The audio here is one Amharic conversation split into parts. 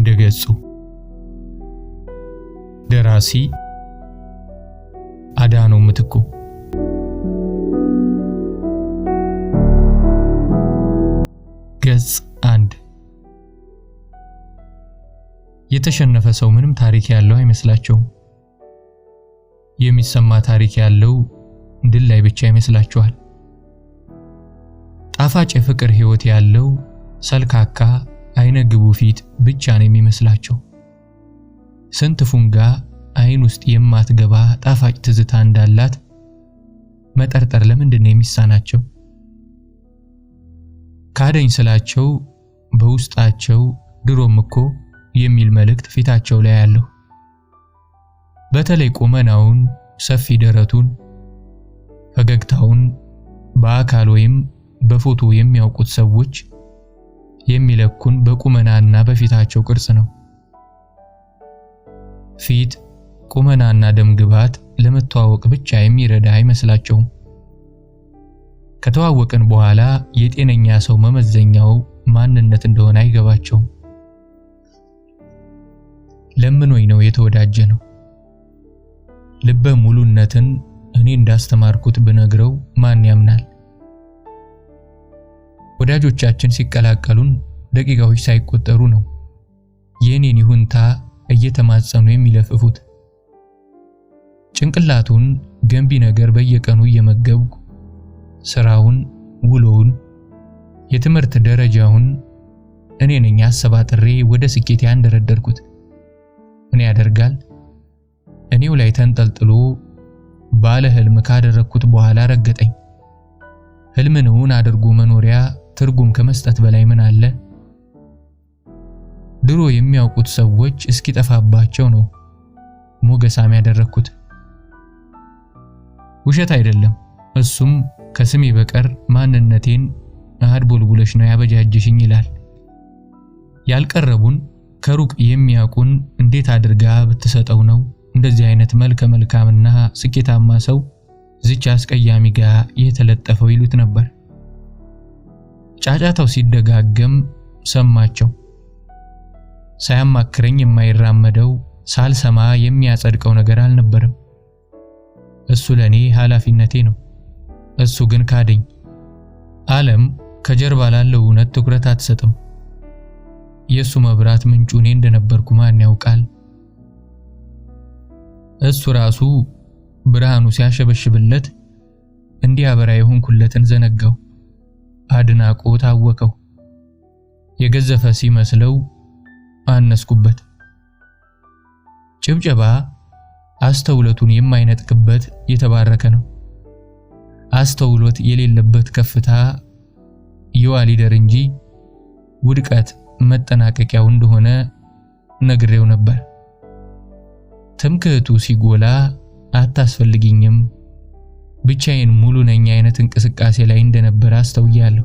እንደገጹ ደራሲ አዳኖ ምትኩ ገጽ አንድ የተሸነፈ ሰው ምንም ታሪክ ያለው አይመስላቸውም። የሚሰማ ታሪክ ያለው ድል ላይ ብቻ ይመስላችኋል። ጣፋጭ የፍቅር ህይወት ያለው ሰልካካ አይነ ግቡ ፊት ብቻ ነው የሚመስላቸው። ስንት ፉንጋ አይን ውስጥ የማትገባ ጣፋጭ ትዝታ እንዳላት መጠርጠር ለምንድን ነው የሚሳናቸው? ካደኝ ስላቸው በውስጣቸው ድሮም እኮ የሚል መልእክት ፊታቸው ላይ አለው። በተለይ ቁመናውን፣ ሰፊ ደረቱን፣ ፈገግታውን በአካል ወይም በፎቶ የሚያውቁት ሰዎች የሚለኩን በቁመናና በፊታቸው ቅርጽ ነው። ፊት ቁመናና ደም ግባት ለመተዋወቅ ብቻ የሚረዳ አይመስላቸውም። ከተዋወቅን በኋላ የጤነኛ ሰው መመዘኛው ማንነት እንደሆነ አይገባቸውም። ወይ ነው የተወዳጀ ነው። ልበ ሙሉነትን እኔ እንዳስተማርኩት ብነግረው ማን ያምናል? ወዳጆቻችን ሲቀላቀሉን ደቂቃዎች ሳይቆጠሩ ነው የእኔን ይሁንታ እየተማጸኑ የሚለፍፉት። ጭንቅላቱን ገንቢ ነገር በየቀኑ እየመገብኩ ስራውን፣ ውሎውን፣ የትምህርት ደረጃውን እኔ ነኝ አሰባጥሬ ወደ ስኬት ያንደረደርኩት። ምን ያደርጋል እኔው ላይ ተንጠልጥሎ ባለ ህልም ካደረግኩት በኋላ ረገጠኝ። ህልምንውን አድርጎ መኖሪያ ትርጉም ከመስጠት በላይ ምን አለ? ድሮ የሚያውቁት ሰዎች እስኪጠፋባቸው ነው ሞገሳም ያደረግኩት። ውሸት አይደለም። እሱም ከስሜ በቀር ማንነቴን አህድ ቦልቡለሽ ነው ያበጃጀሽኝ ይላል። ያልቀረቡን ከሩቅ የሚያውቁን እንዴት አድርጋ ብትሰጠው ነው እንደዚህ አይነት መልከ መልካምና ስኬታማ ሰው ዝች አስቀያሚ ጋ የተለጠፈው ይሉት ነበር። ጫጫታው ሲደጋገም ሰማቸው። ሳያማክረኝ የማይራመደው ሳልሰማ የሚያጸድቀው ነገር አልነበረም። እሱ ለእኔ ኃላፊነቴ ነው። እሱ ግን ካደኝ። ዓለም ከጀርባ ላለው እውነት ትኩረት አትሰጥም። የእሱ መብራት ምንጩ እኔ እንደነበርኩ ማን ያውቃል? እሱ ራሱ ብርሃኑ ሲያሸበሽብለት እንዲያበራ የሆንኩለትን ዘነጋው። አድናቆት አወቀው፣ የገዘፈ ሲመስለው አነስኩበት። ጭብጨባ አስተውሎቱን የማይነጥቅበት የተባረከ ነው። አስተውሎት የሌለበት ከፍታ የዋ ሊደር እንጂ ውድቀት መጠናቀቂያው እንደሆነ ነግሬው ነበር። ትምክህቱ ሲጎላ አታስፈልግኝም! ብቻዬን ሙሉ ነኝ አይነት እንቅስቃሴ ላይ እንደነበረ አስተውያለሁ።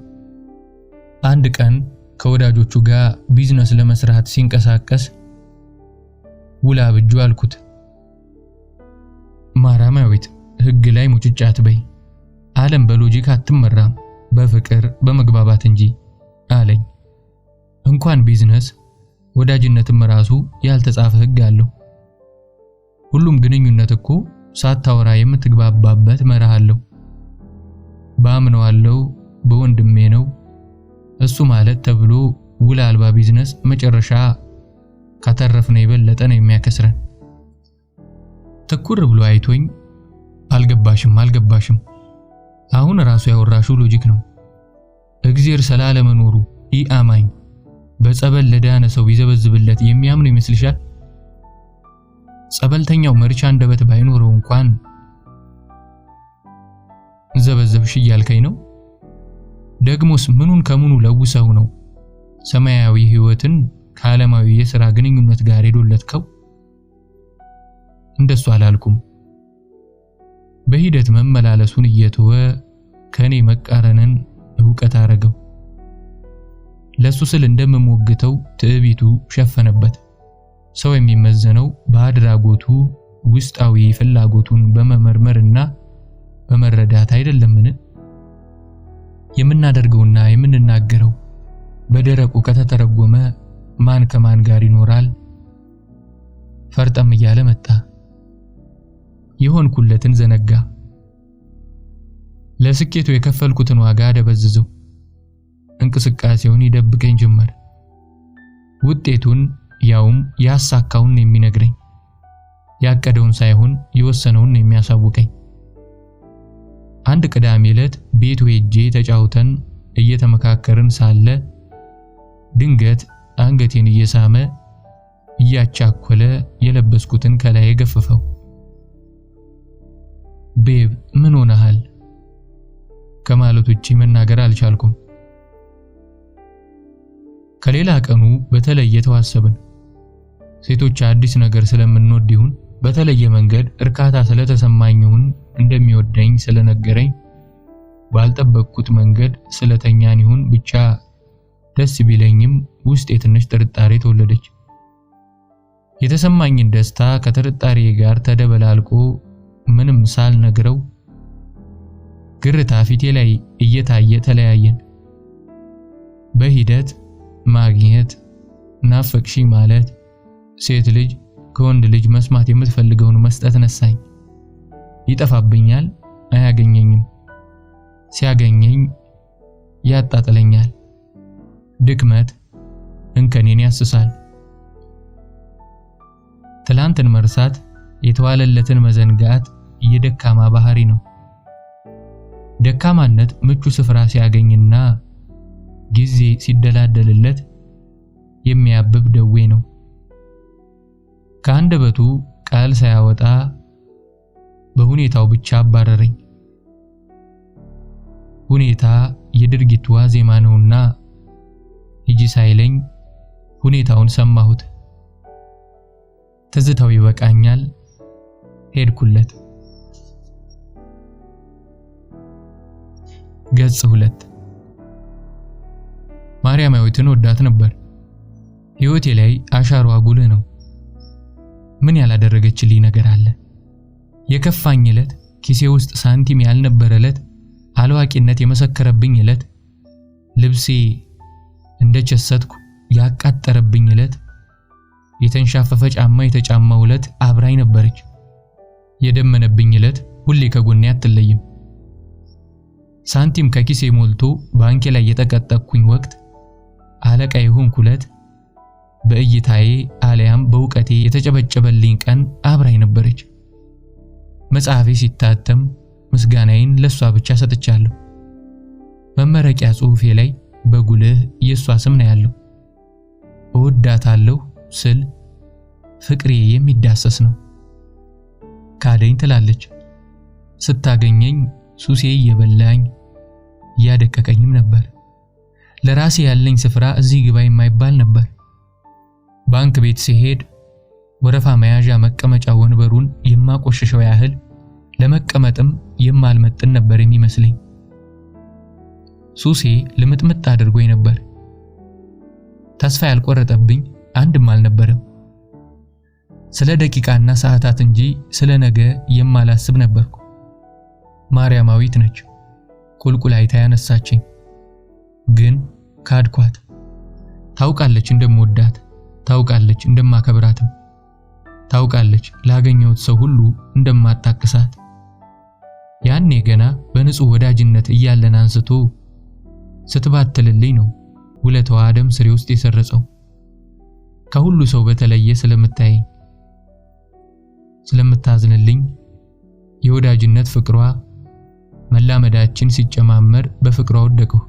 አንድ ቀን ከወዳጆቹ ጋር ቢዝነስ ለመስራት ሲንቀሳቀስ ውላ ብጁ አልኩት። ማራማዊት ህግ ላይ ሙጭጫት በይ፣ ዓለም በሎጂክ አትመራም በፍቅር በመግባባት እንጂ አለኝ። እንኳን ቢዝነስ ወዳጅነትም ራሱ ያልተጻፈ ህግ አለው። ሁሉም ግንኙነት እኮ ሳታወራ የምትግባባበት መርሃለሁ። ባምነዋለው በወንድሜ ነው እሱ ማለት ተብሎ ውል አልባ ቢዝነስ መጨረሻ ካተረፍነ የበለጠ ነው የሚያከስረን። ትኩር ብሎ አይቶኝ አልገባሽም አልገባሽም፣ አሁን ራሱ ያወራሹ ሎጂክ ነው። እግዚአብሔር ስላለመኖሩ ኢ አማኝ በጸበል ለዳነ ሰው ይዘበዝብለት የሚያምን ይመስልሻል? ጸበልተኛው መርቻ አንደበት ባይኖረው እንኳን ዘበዘብሽ እያልከኝ ነው? ደግሞስ ምኑን ከምኑ ለውሰው ነው ሰማያዊ ህይወትን ከዓለማዊ የሥራ ግንኙነት ጋር ሄዶለትከው እንደሱ አላልኩም። በሂደት መመላለሱን እየተወ ከእኔ መቃረንን እውቀት አረገው። ለሱ ስል እንደምሞግተው ትዕቢቱ ሸፈነበት። ሰው የሚመዘነው በአድራጎቱ ውስጣዊ ፍላጎቱን በመመርመርና በመረዳት አይደለምን? የምናደርገውና የምንናገረው በደረቁ ከተተረጎመ ማን ከማን ጋር ይኖራል? ፈርጠም እያለ መጣ። የሆንኩለትን ዘነጋ። ለስኬቱ የከፈልኩትን ዋጋ ደበዝዘው እንቅስቃሴውን ይደብቀኝ ጀመር። ውጤቱን ያውም ያሳካውን የሚነግረኝ ያቀደውን ሳይሆን የወሰነውን የሚያሳውቀኝ። አንድ ቅዳሜ ዕለት ቤት ሄጄ ተጫውተን እየተመካከርን ሳለ ድንገት አንገቴን እየሳመ እያቻኮለ የለበስኩትን ከላይ ገፈፈው። ቤብ ምን ሆነሃል ከማለት ውጪ መናገር አልቻልኩም። ከሌላ ቀኑ በተለየ ተዋሰብን። ሴቶች አዲስ ነገር ስለምንወድ ይሁን በተለየ መንገድ እርካታ ስለተሰማኝ ይሁን እንደሚወደኝ ስለነገረኝ ባልጠበቅኩት መንገድ ስለተኛን ይሁን ብቻ ደስ ቢለኝም ውስጥ የትንሽ ጥርጣሬ ተወለደች። የተሰማኝን ደስታ ከጥርጣሬ ጋር ተደበላልቆ ምንም ሳልነግረው ግርታ ፊቴ ላይ እየታየ ተለያየን። በሂደት ማግኘት ናፈቅሺ ማለት ሴት ልጅ ከወንድ ልጅ መስማት የምትፈልገውን መስጠት ነሳኝ። ይጠፋብኛል፣ አያገኘኝም። ሲያገኘኝ ያጣጥለኛል። ድክመት እንከኔን ያስሳል። ትላንትን መርሳት፣ የተዋለለትን መዘንጋት የደካማ ባህሪ ነው። ደካማነት ምቹ ስፍራ ሲያገኝና ጊዜ ሲደላደልለት የሚያብብ ደዌ ነው። ከአንደበቱ ቃል ሳያወጣ በሁኔታው ብቻ አባረረኝ። ሁኔታ የድርጊት ዋዜማ ነውና ሂጂ ሳይለኝ ሁኔታውን ሰማሁት። ትዝታው ይበቃኛል። ሄድኩለት። ገጽ ሁለት ማርያማዊትን ወዳት ነበር። ሕይወቴ ላይ አሻሯ ጉልህ ነው። ምን ያላደረገችልኝ ነገር አለ? የከፋኝ ዕለት፣ ኪሴ ውስጥ ሳንቲም ያልነበረ ዕለት፣ አላዋቂነት የመሰከረብኝ ዕለት፣ ልብሴ እንደ ቸሰትኩ ያቃጠረብኝ ዕለት፣ የተንሻፈፈ ጫማ የተጫማው ዕለት አብራኝ ነበረች። የደመነብኝ ዕለት ሁሌ ከጎኔ አትለይም። ሳንቲም ከኪሴ ሞልቶ ባንኬ ላይ የተቀጠቅኩኝ ወቅት አለቃ የሆንኩ ዕለት በእይታዬ አሊያም በእውቀቴ የተጨበጨበልኝ ቀን አብራኝ ነበረች። መጽሐፌ ሲታተም ምስጋናዬን ለእሷ ብቻ ሰጥቻለሁ። መመረቂያ ጽሑፌ ላይ በጉልህ የእሷ ስም ነው ያለው። እወዳታለሁ ስል ፍቅሬ የሚዳሰስ ነው። ካደኝ ትላለች። ስታገኘኝ ሱሴ እየበላኝ እያደቀቀኝም ነበር። ለራሴ ያለኝ ስፍራ እዚህ ግባ የማይባል ነበር። ባንክ ቤት ሲሄድ ወረፋ መያዣ መቀመጫ ወንበሩን የማቆሸሸው ያህል ለመቀመጥም የማልመጥን ነበር የሚመስለኝ። ሱሴ ልምጥምጥ አድርጎኝ ነበር። ተስፋ ያልቆረጠብኝ አንድም አልነበረም። ስለ ደቂቃና ሰዓታት እንጂ ስለ ነገ የማላስብ ነበርኩ። ማርያማዊት ነች ቁልቁላይታ ያነሳችኝ። ግን ካድኳት። ታውቃለች እንደምወዳት። ታውቃለች እንደማከብራትም ታውቃለች ላገኘሁት ሰው ሁሉ እንደማጣቅሳት ያኔ ገና በንጹህ ወዳጅነት እያለን አንስቶ ስትባትልልኝ ነው ውለተዋ አደም ስሬ ውስጥ የሰረጸው። ከሁሉ ሰው በተለየ ስለምታየኝ፣ ስለምታዝንልኝ የወዳጅነት ፍቅሯ መላመዳችን ሲጨማመር በፍቅሯ ወደቀው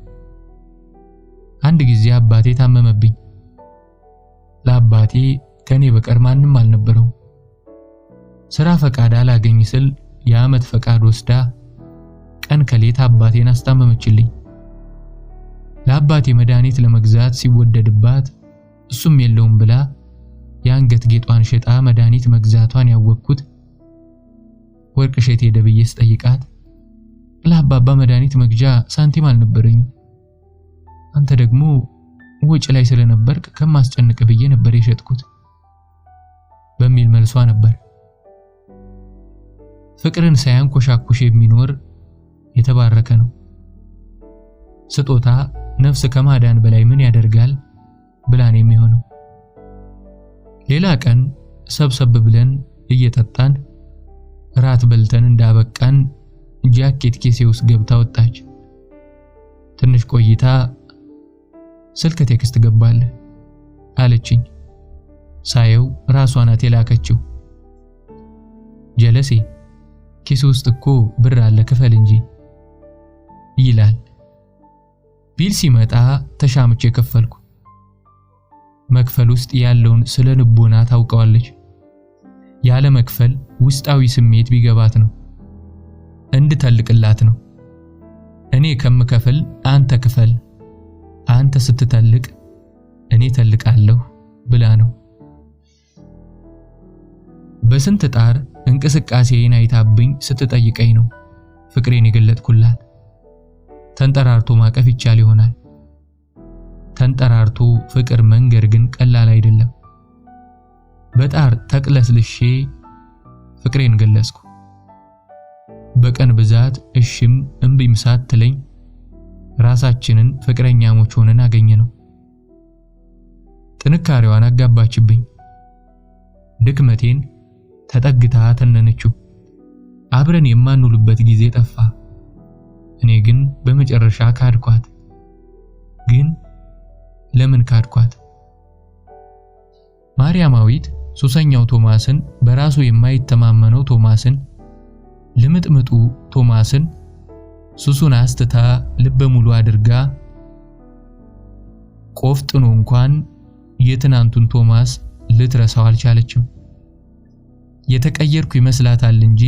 አንድ ጊዜ አባቴ ታመመብኝ። ለአባቴ ከእኔ በቀር ማንም አልነበረው። ሥራ ፈቃድ አላገኝ ስል የዓመት ፈቃድ ወስዳ ቀን ከሌት አባቴን አስታመመችልኝ። ለአባቴ መድኃኒት ለመግዛት ሲወደድባት እሱም የለውም ብላ የአንገት ጌጧን ሸጣ መድኃኒት መግዛቷን ያወቅኩት ወርቅ ሸቴ ደብዬ ስጠይቃት ለአባባ መድኃኒት መግዣ ሳንቲም አልነበረኝም፣ አንተ ደግሞ ውጭ ላይ ስለነበርክ ከማስጨንቅ ብዬ ነበር የሸጥኩት በሚል መልሷ ነበር። ፍቅርን ሳያንኮሻኩሽ የሚኖር የተባረከ ነው። ስጦታ ነፍስ ከማዳን በላይ ምን ያደርጋል ብላን የሚሆነው። ሌላ ቀን ሰብሰብ ብለን እየጠጣን ራት በልተን እንዳበቃን ጃኬት ኬሴ ውስጥ ገብታ ወጣች። ትንሽ ቆይታ ስልክ ቴክስት ገባልህ አለችኝ። ሳየው ራሷ ናት የላከችው። ጀለሴ ኪስ ውስጥ እኮ ብር አለ ክፈል እንጂ ይላል። ቢል ሲመጣ ተሻምቼ ከፈልኩ። መክፈል ውስጥ ያለውን ስለ ንቦና ታውቀዋለች። ያለ መክፈል ውስጣዊ ስሜት ቢገባት ነው እንድተልቅላት ነው። እኔ ከምከፍል አንተ ክፈል አንተ ስትተልቅ እኔ ተልቃለሁ ብላ ነው። በስንት ጣር እንቅስቃሴን አይታብኝ ስትጠይቀኝ ነው ፍቅሬን የገለጥኩላት። ተንጠራርቶ ማቀፍ ይቻል ይሆናል። ተንጠራርቶ ፍቅር መንገር ግን ቀላል አይደለም። በጣር ተቅለስልሼ ፍቅሬን ገለጽኩ። በቀን ብዛት እሽም እምቢም ሳትለኝ ራሳችንን ፍቅረኛሞች ሆነን አገኘ ነው። ጥንካሬዋን አጋባችብኝ፣ ድክመቴን ተጠግታ ተነነችው። አብረን የማንውልበት ጊዜ ጠፋ። እኔ ግን በመጨረሻ ካድኳት። ግን ለምን ካድኳት? ማርያማዊት ሱሰኛው ቶማስን፣ በራሱ የማይተማመነው ቶማስን፣ ልምጥምጡ ቶማስን ሱሱን አስትታ ልበ ሙሉ አድርጋ ቆፍጥኖ እንኳን የትናንቱን ቶማስ ልትረሳው አልቻለችም። የተቀየርኩ ይመስላታል እንጂ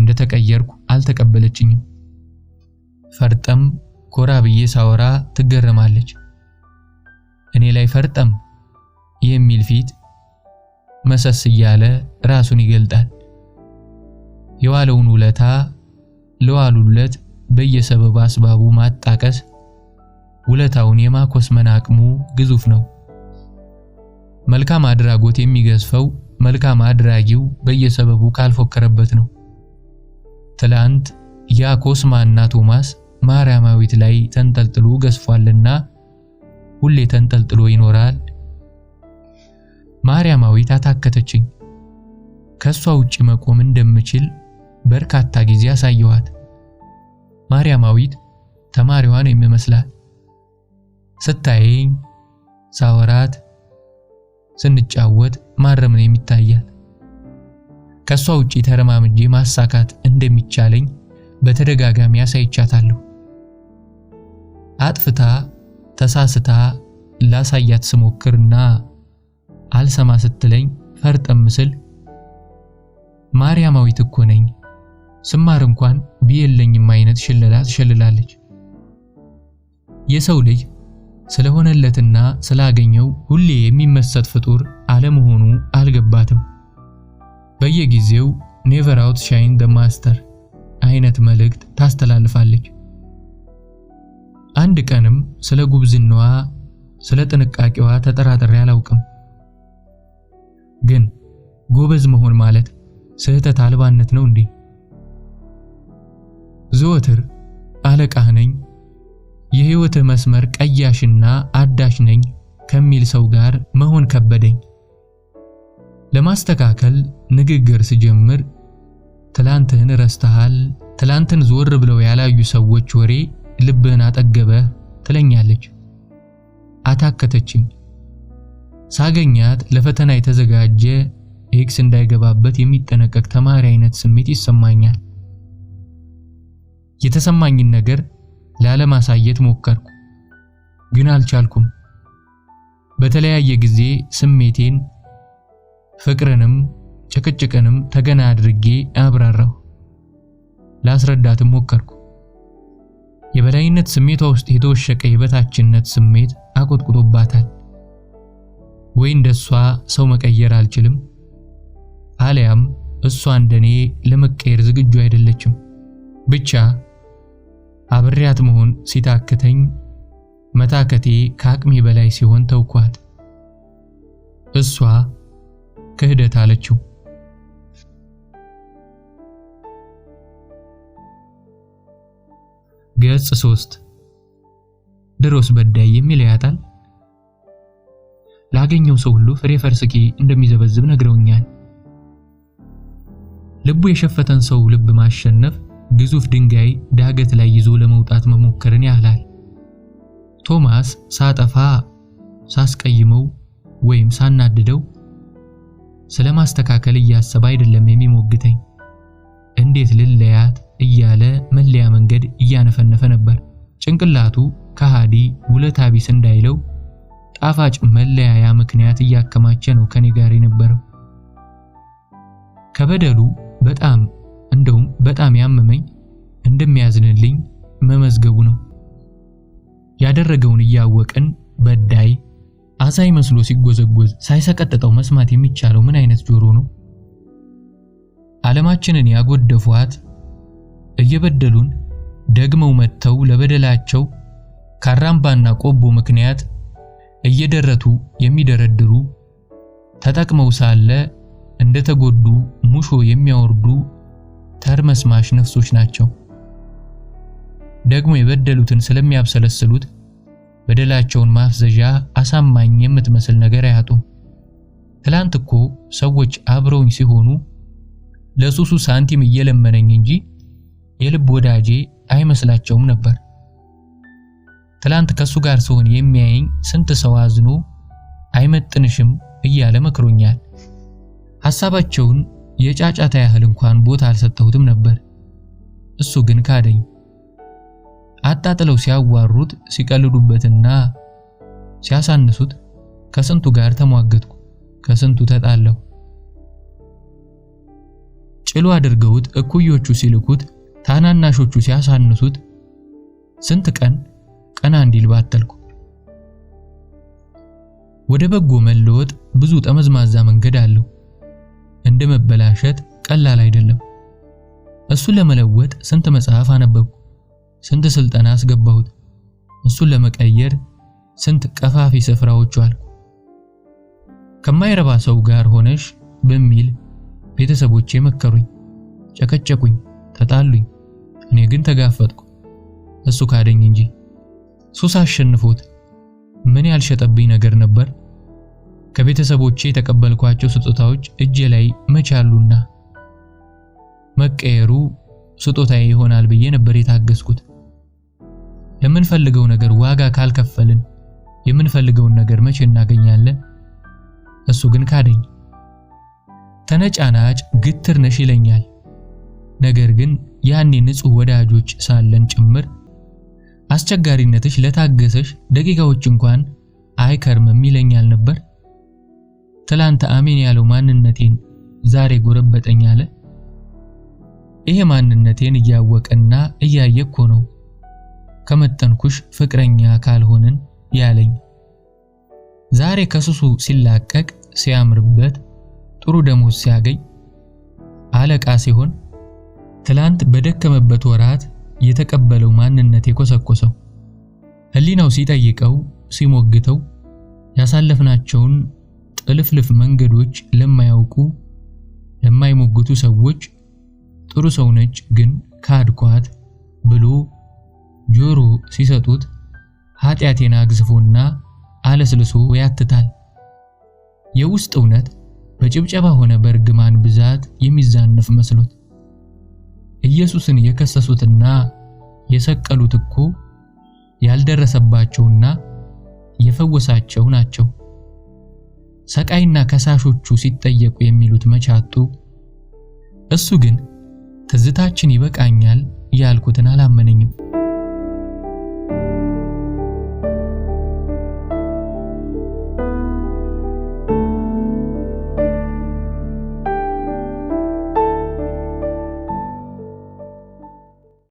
እንደተቀየርኩ አልተቀበለችኝም። ፈርጠም ኮራ ብዬ ሳወራ ትገረማለች። እኔ ላይ ፈርጠም የሚል ፊት መሰስ እያለ ራሱን ይገልጣል። የዋለውን ውለታ ለዋሉለት በየሰበቡ አስባቡ ማጣቀስ ውለታውን የማኮስመን አቅሙ ግዙፍ ነው። መልካም አድራጎት የሚገዝፈው መልካም አድራጊው በየሰበቡ ካልፎከረበት ነው። ትላንት ያ ኮስማና ቶማስ ማርያማዊት ላይ ተንጠልጥሎ ገዝፏልና ሁሌ ተንጠልጥሎ ይኖራል። ማርያማዊት አታከተችኝ። ከሷ ውጪ መቆም እንደምችል በርካታ ጊዜ አሳየኋት። ማርያማዊት ተማሪዋን የሚመስላል። ስታየኝ፣ ሳወራት፣ ስንጫወት ማረምን የሚታያል። ከእሷ ውጪ ተረማምጄ ማሳካት እንደሚቻለኝ በተደጋጋሚ አሳይቻታለሁ። አጥፍታ ተሳስታ ላሳያት ስሞክርና አልሰማ ስትለኝ ፈርጠም ስል ማርያማዊት እኮ ነኝ ስማር እንኳን ቢየለኝም አይነት ሽለላ ትሸልላለች። የሰው ልጅ ስለሆነለትና ስላገኘው ሁሌ የሚመሰጥ ፍጡር አለመሆኑ አልገባትም። በየጊዜው ኔቨር አውት ሻይን ደ ማስተር አይነት መልእክት ታስተላልፋለች። አንድ ቀንም ስለ ጉብዝናዋ፣ ስለ ጥንቃቄዋ ተጠራጥሬ አላውቅም። ግን ጎበዝ መሆን ማለት ስህተት አልባነት ነው እንዴ? ዘወትር አለቃህ ነኝ፣ የህይወት መስመር ቀያሽና አዳሽ ነኝ ከሚል ሰው ጋር መሆን ከበደኝ። ለማስተካከል ንግግር ስጀምር ትላንትህን ረስተሃል፣ ትላንትን ዞር ብለው ያላዩ ሰዎች ወሬ ልብህን አጠገበህ ትለኛለች። አታከተችኝ። ሳገኛት ለፈተና የተዘጋጀ ኤክስ እንዳይገባበት የሚጠነቀቅ ተማሪ አይነት ስሜት ይሰማኛል። የተሰማኝን ነገር ላለማሳየት ሞከርኩ፣ ግን አልቻልኩም። በተለያየ ጊዜ ስሜቴን ፍቅርንም ጭቅጭቅንም ተገና አድርጌ አብራራሁ፣ ላስረዳትም ሞከርኩ። የበላይነት ስሜቷ ውስጥ የተወሸቀ የበታችነት ስሜት አቆጥቁጦባታል። ወይ እንደሷ ሰው መቀየር አልችልም፣ አሊያም እሷ እንደኔ ለመቀየር ዝግጁ አይደለችም ብቻ አብሬያት መሆን ሲታክተኝ መታከቴ ከአቅሜ በላይ ሲሆን ተውኳት። እሷ ክህደት አለችው። ገጽ ሶስት ድሮስ በዳይ የሚለው ያጣል። ላገኘው ሰው ሁሉ ፍሬ ፈርስኬ እንደሚዘበዝብ ነግረውኛል። ልቡ የሸፈተን ሰው ልብ ማሸነፍ ግዙፍ ድንጋይ ዳገት ላይ ይዞ ለመውጣት መሞከርን ያህላል። ቶማስ ሳጠፋ፣ ሳስቀይመው ወይም ሳናድደው ስለማስተካከል እያሰበ አይደለም የሚሞግተኝ። እንዴት ልለያት እያለ መለያ መንገድ እያነፈነፈ ነበር። ጭንቅላቱ ከሃዲ ውለታ ቢስ እንዳይለው ጣፋጭ መለያያ ምክንያት እያከማቸ ነው ከኔ ጋር የነበረው። ከበደሉ በጣም እንደውም በጣም ያመመኝ እንደሚያዝንልኝ መመዝገቡ ነው። ያደረገውን እያወቅን በዳይ አዛይ መስሎ ሲጎዘጎዝ ሳይሰቀጥጠው መስማት የሚቻለው ምን አይነት ጆሮ ነው? ዓለማችንን ያጎደፏት እየበደሉን ደግመው መጥተው ለበደላቸው ካራምባና ቆቦ ምክንያት እየደረቱ የሚደረድሩ ተጠቅመው ሳለ እንደተጎዱ ሙሾ የሚያወርዱ ተርመስማሽ ነፍሶች ናቸው። ደግሞ የበደሉትን ስለሚያብሰለስሉት በደላቸውን ማፍዘዣ አሳማኝ የምትመስል ነገር አያጡም። ትላንት እኮ ሰዎች አብረውኝ ሲሆኑ ለሱሱ ሳንቲም እየለመነኝ እንጂ የልብ ወዳጄ አይመስላቸውም ነበር። ትላንት ከሱ ጋር ስሆን የሚያየኝ ስንት ሰው አዝኖ አይመጥንሽም እያለ መክሮኛል። ሐሳባቸውን የጫጫታ ያህል እንኳን ቦታ አልሰጠሁትም ነበር። እሱ ግን ካደኝ። አጣጥለው ሲያዋሩት፣ ሲቀልዱበትና ሲያሳንሱት ከስንቱ ጋር ተሟገትኩ፣ ከስንቱ ተጣለሁ። ጭሉ አድርገውት እኩዮቹ ሲልኩት፣ ታናናሾቹ ሲያሳንሱት፣ ስንት ቀን ቀና እንዲል ባተልኩ። ወደ በጎ መለወጥ ብዙ ጠመዝማዛ መንገድ አለው። እንደ መበላሸት ቀላል አይደለም። እሱን ለመለወጥ ስንት መጽሐፍ አነበብኩ፣ ስንት ስልጠና አስገባሁት። እሱን ለመቀየር ስንት ቀፋፊ ስፍራዎች አሉ። ከማይረባ ሰው ጋር ሆነሽ በሚል ቤተሰቦቼ መከሩኝ፣ ጨቀጨቁኝ፣ ተጣሉኝ። እኔ ግን ተጋፈጥኩ። እሱ ካደኝ እንጂ ሱስ አሸንፎት ምን ያልሸጠብኝ ነገር ነበር? ከቤተሰቦቼ የተቀበልኳቸው ስጦታዎች እጄ ላይ መቼ አሉና መቀየሩ ስጦታዬ ይሆናል ብዬ ነበር የታገስኩት። ለምንፈልገው ነገር ዋጋ ካልከፈልን የምንፈልገውን ነገር መቼ እናገኛለን? እሱ ግን ካደኝ። ተነጫናጭ ግትር ነሽ ይለኛል። ነገር ግን ያኔ ንጹህ ወዳጆች ሳለን ጭምር አስቸጋሪነትሽ ለታገሰሽ ደቂቃዎች እንኳን አይከርምም ይለኛል ነበር። ትላንት አሜን ያለው ማንነቴን ዛሬ ጎረበጠኝ አለ። ይሄ ማንነቴን እያወቀና እያየ እኮ ነው ከመጠንኩሽ ፍቅረኛ ካልሆንን ያለኝ። ዛሬ ከሱሱ ሲላቀቅ ሲያምርበት፣ ጥሩ ደሞዝ ሲያገኝ፣ አለቃ ሲሆን፣ ትላንት በደከመበት ወራት የተቀበለው ማንነት የኮሰኮሰው ህሊናው ሲጠይቀው ሲሞግተው ያሳለፍናቸውን ጥልፍልፍ መንገዶች ለማያውቁ ለማይሞግቱ ሰዎች ጥሩ ሰው ነች ግን ካድኳት ብሎ ጆሮ ሲሰጡት ኃጢአቴን አግዝፎና አለስልሶ ያትታል። የውስጥ እውነት በጭብጨባ ሆነ በእርግማን ብዛት የሚዛነፍ መስሎት ኢየሱስን የከሰሱትና የሰቀሉት እኮ ያልደረሰባቸውና የፈወሳቸው ናቸው። ሰቃይና ከሳሾቹ ሲጠየቁ የሚሉት መቻጡ እሱ ግን ትዝታችን ይበቃኛል ያልኩትን አላመነኝም።